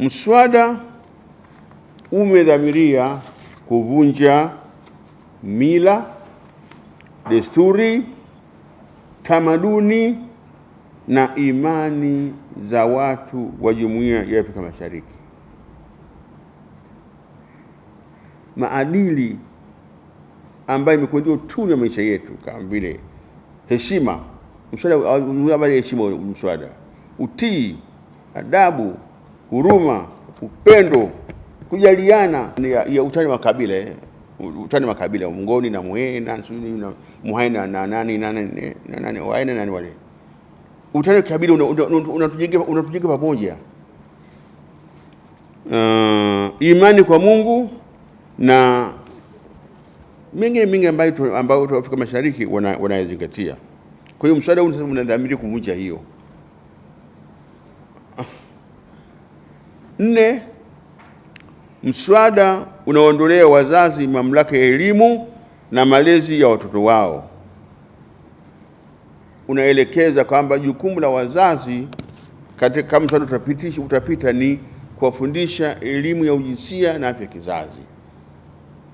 Mswada umedhamiria kuvunja mila, desturi, tamaduni na imani za watu wa Jumuiya ya Afrika Mashariki. Maadili ambayo imekuwa ndio tunu ya maisha yetu kama vile heshima, mswada habari ya heshima, mswada utii, adabu huruma, upendo, kujaliana ya, ya utani makabila eh, utani makabila Mngoni na Muhena na Muhaina na nani na nani na nani Waena nani wale, utani wa kabila unatujenga una, una pamoja uh, imani kwa Mungu na mengine mingi ambayo ambayo Afrika Mashariki wanayazingatia. Kwa hiyo mswada unadhamiri kuvunja hiyo. Nne, mswada unaondolea wazazi mamlaka ya elimu na malezi ya watoto wao. Unaelekeza kwamba jukumu la wazazi katika, kama mswada utapita, ni kuwafundisha elimu ya ujinsia na afya ya kizazi.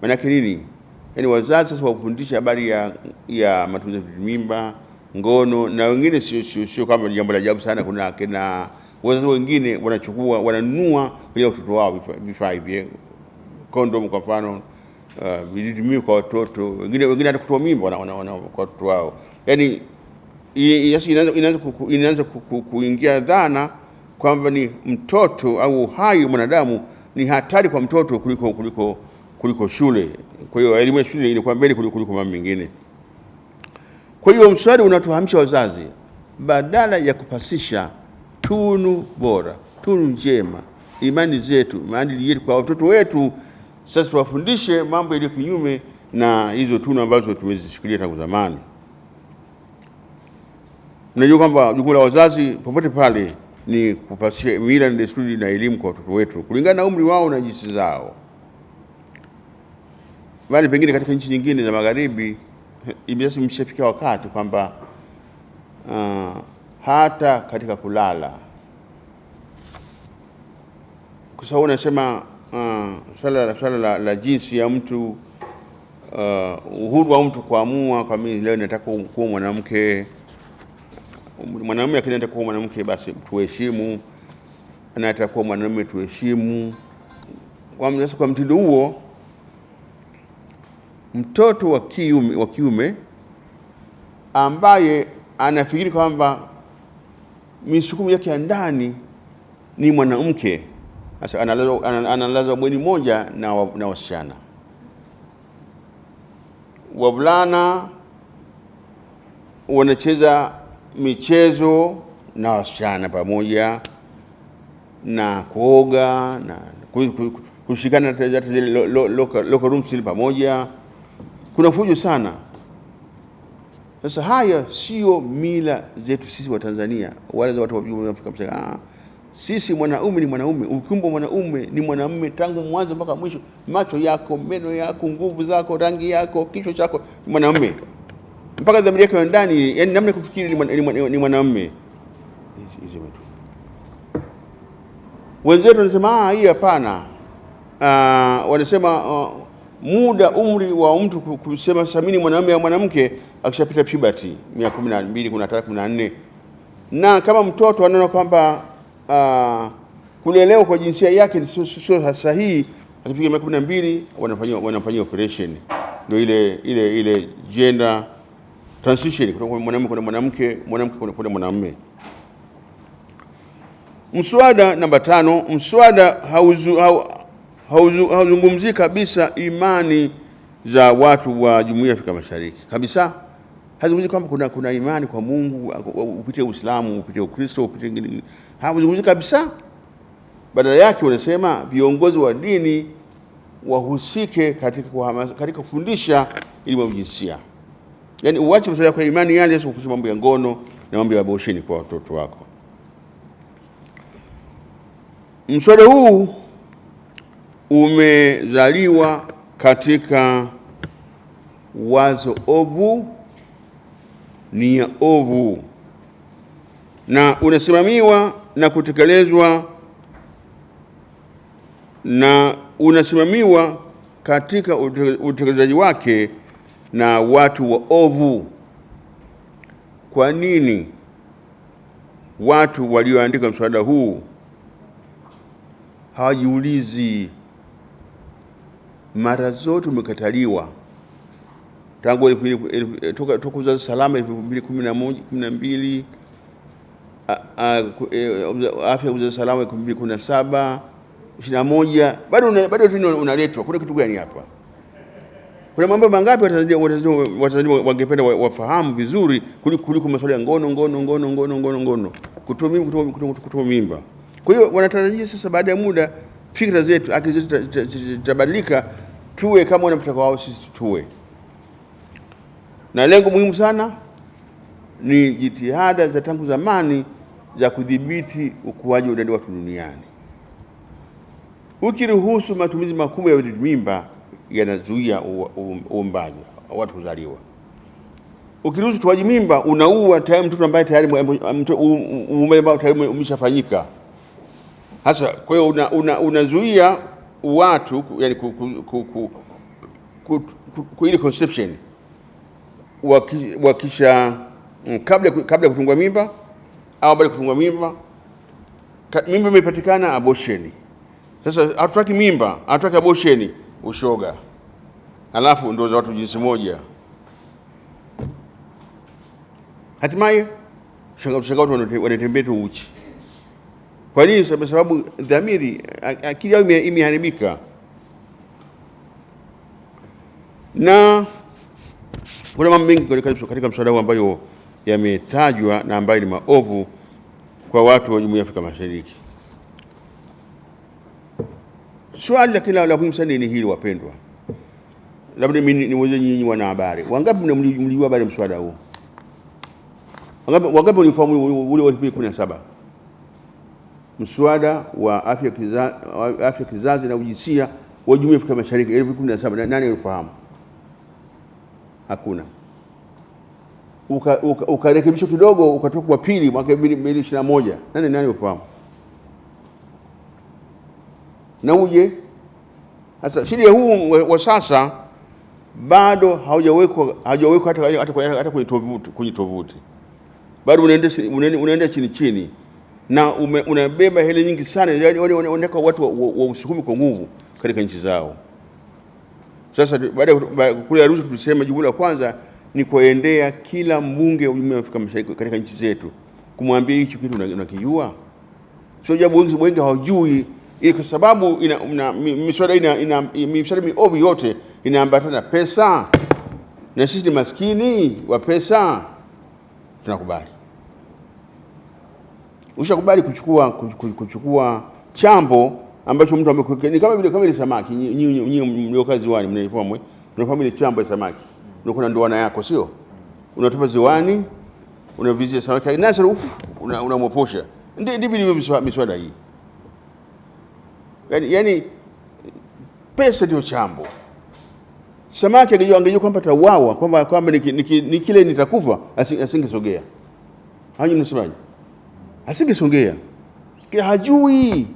Maanake nini? Yaani wazazi sasa wafundisha habari ya, ya matumizi ya mimba, ngono na wengine, sio sio sio kama jambo la ajabu sana. Kuna kina wazazi wengine wanachukua wananunua kwa watoto wao vifaa hivyo, kondom kwa mfano, uh, vijitumio kwa watoto wengine, wengine hata kutoa mimba kwa watoto wao. Yani inaanza kuingia dhana kwamba ni mtoto au uhai wa mwanadamu ni hatari kwa mtoto kuliko, kuliko, kuliko shule. Kwa hiyo elimu ya shule ilikuwa mbele kuliko mambo mengine. Kwa hiyo mswada unatuhamisha wazazi badala ya kupasisha tunu bora, tunu njema, imani zetu, maadili yetu kwa watoto wetu. Sasa tuwafundishe mambo yaliyo kinyume na hizo tunu ambazo tumezishikilia tangu zamani. Najua kwamba jukumu la wazazi popote pale ni kupasia mila na desturi na elimu kwa watoto wetu kulingana na umri wao na jinsi zao, bali pengine katika nchi nyingine za magharibi imeshafikia wakati kwamba uh, hata katika kulala kwa sababu unasema uh, swala, swala la, la jinsi ya mtu uh, uhuru wa mtu kuamua kwa mimi leo nataka kuwa mwanamke mwanamume, akini nataka kuwa mwanamke, basi tuheshimu, na atakuwa mwanamume tuheshimu. Kwa, kwa mtindo huo mtoto wa kiume, wa kiume ambaye anafikiri kwamba misukumo yake ya ndani ni mwanamke sasa analazwa bweni moja na, na wasichana wavulana wanacheza michezo na wasichana pamoja na kuoga na kushikana zile local rooms pamoja, kuna fujo sana. Sasa haya sio mila zetu sisi wa Tanzania wala za watu wa Afrika. Sisi mwanaume ni mwanaume, ukiumbwa mwanaume ni mwanaume tangu mwanzo mpaka mwisho. Macho yako, meno yako, nguvu zako, rangi yako, kichwa chako, ni mwanaume mpaka dhamiri yako ndani, yani namna kufikiri ni mwanaume. Wenzetu wanasema ah, hii hapana. Uh, wanasema uh, muda umri wa mtu kusema samini mwanaume au mwanamke akishapita puberty miaka 12, 13, 14 na kama mtoto anaona kwamba Ah, kulelewa kwa jinsia yake sio sahihi, akifikia miaka kumi na mbili operation, ndio ile ile ile gender transition kutoka kwa mwanamume kwenda mwanamke, mwanamke kwenda mwanamume. Mswada namba tano, mswada hauzungumzii kabisa imani za watu wa Jumuiya ya Afrika Mashariki kabisa hazungumzi kwamba kuna, kuna imani kwa Mungu upitie Uislamu upitie Ukristo upitie hawazungumzi kabisa. Badala yake wanasema viongozi wa dini wahusike katika, katika kufundisha elimu ya jinsia, yaani uwache masuala kwa imani yale, sio kufundisha mambo ya ngono na mambo ya abortion kwa watoto wako. Mswada huu umezaliwa katika wazo ovu, nia ovu na unasimamiwa na kutekelezwa na unasimamiwa katika utekelezaji wake na watu waovu. Kwa nini watu walioandika mswada huu hawajiulizi? Mara zote umekataliwa tangu toka wizara salama elfu mbili kumi na mbili E, afya uzazi salama 2017 moja bado bado unaletwa. Kuna kitu gani hapa? Kuna mambo mangapi Watanzania wangependa wafahamu vizuri kuliko masuala ya ngono ngono ngono ngono ngono ngono, kutoa mimba. Kwa hiyo wanatarajia sasa, baada ya muda, fikra zetu, akili zetu zitabadilika, tuwe kama wanavyotaka wao sisi tuwe. Na lengo muhimu sana ni jitihada za tangu zamani za kudhibiti ukuaji wa idadi watu duniani. Ukiruhusu matumizi makubwa ya mimba, yanazuia uumbaji watu kuzaliwa. Ukiruhusu utoaji mimba, unaua tayari mtoto ambaye tayari umembao tayari umeshafanyika hasa. Kwa hiyo unazuia una, watu yani ku, ku, ku, ku, ku, ku, ku ile conception wakisha mm, kabla kabla ya kutungwa mimba au habari kutungwa mimba, mimba imepatikana, abortion. Sasa hatutaki mimba, hatutaki abortion, ushoga, alafu ndio za watu jinsi moja. Hatimaye shanga watu wanatembea tu uchi. Kwa nini? Kwa sababu dhamiri, akili yao imeharibika na kuna mambo mengi katika mswada huu ambayo yametajwa na ambayo ni maovu kwa watu wa Jumuiya ya Afrika Mashariki. Swali lakini la muhimu sana ni hili, wapendwa, labda mimi niweze nyinyi wanahabari, wangapi mlijua habari mswada huu? Wangapi walifahamu ule wa 2017 mswada wa afya kizazi, kizazi na ujinsia wa Jumuiya ya Afrika Mashariki 2017? Nani alifahamu? Hakuna ukarekebishwa uka, uka kidogo ukatoka kwa pili mwaka na moja nani nani ufahamu na uje sasa sheria huu wa sasa bado haujawekwa haujawekwa hata hata, kwenye tovuti kwenye tovuti bado unaenda chini chini na unabeba hela nyingi sana, yaani wale wanaeka watu wausukumi wa, wa kwa nguvu katika nchi zao. Sasa baada ya kule Arusha tulisema jimbo la kwanza ni kuendea kila mbunge wa Jumuiya ya Afrika Mashariki katika nchi zetu kumwambia hichi kitu unakijua, sio jambo wengi hawajui, ili kwa sababu miswada ina miswada miovu yote inaambatana na pesa, na sisi ni maskini wa pesa. Tunakubali ushakubali kuchukua kuchukua chambo ambacho mtu amekuwekea, ni kama vile kama ile samaki. Nyinyi mliokazi wani mnaifahamu, eh? mnafahamu ile chambo ya samaki unakuwa na ndoana yako, sio unatupa ziwani, unavizia samaki ainasr, unamwopusha una ndivyo ndivyo miswada hii yani, yani pesa ndio chambo. Samaki angejua kwamba tauawa, kwamba kwamba ni kile nitakufa, asingesogea. Haji mnasemaje? Asingesogea, hajui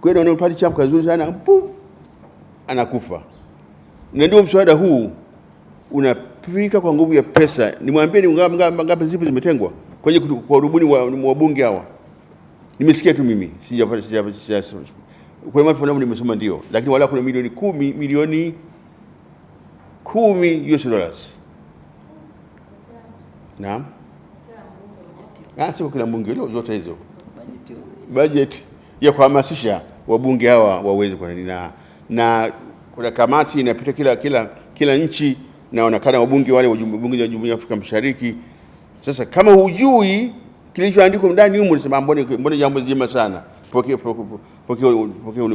kwenda unapata chapo kazuri sana, anakufa. Na ndio mswada huu unapika kwa nguvu ya pesa. Nimwambie ni ngapi ngapi ngapi zipo zimetengwa kwenye kwa rubuni wa wabunge hawa? Nimesikia tu mimi, sijapata kwa maana fulani nimesoma ndio, lakini wala kuna milioni kumi milioni kumi US dollars. Naam, ah, sio kila mbunge leo zote hizo budget ya kuhamasisha wabunge hawa waweze kwa nini na, na kuna kamati inapita kila kila kila nchi na wanakana wabunge wale wabunge wa Jumuiya ya Afrika Mashariki. Sasa kama hujui kilichoandikwa ndani humo, unasema mbona jambo jema sana, pokea pokea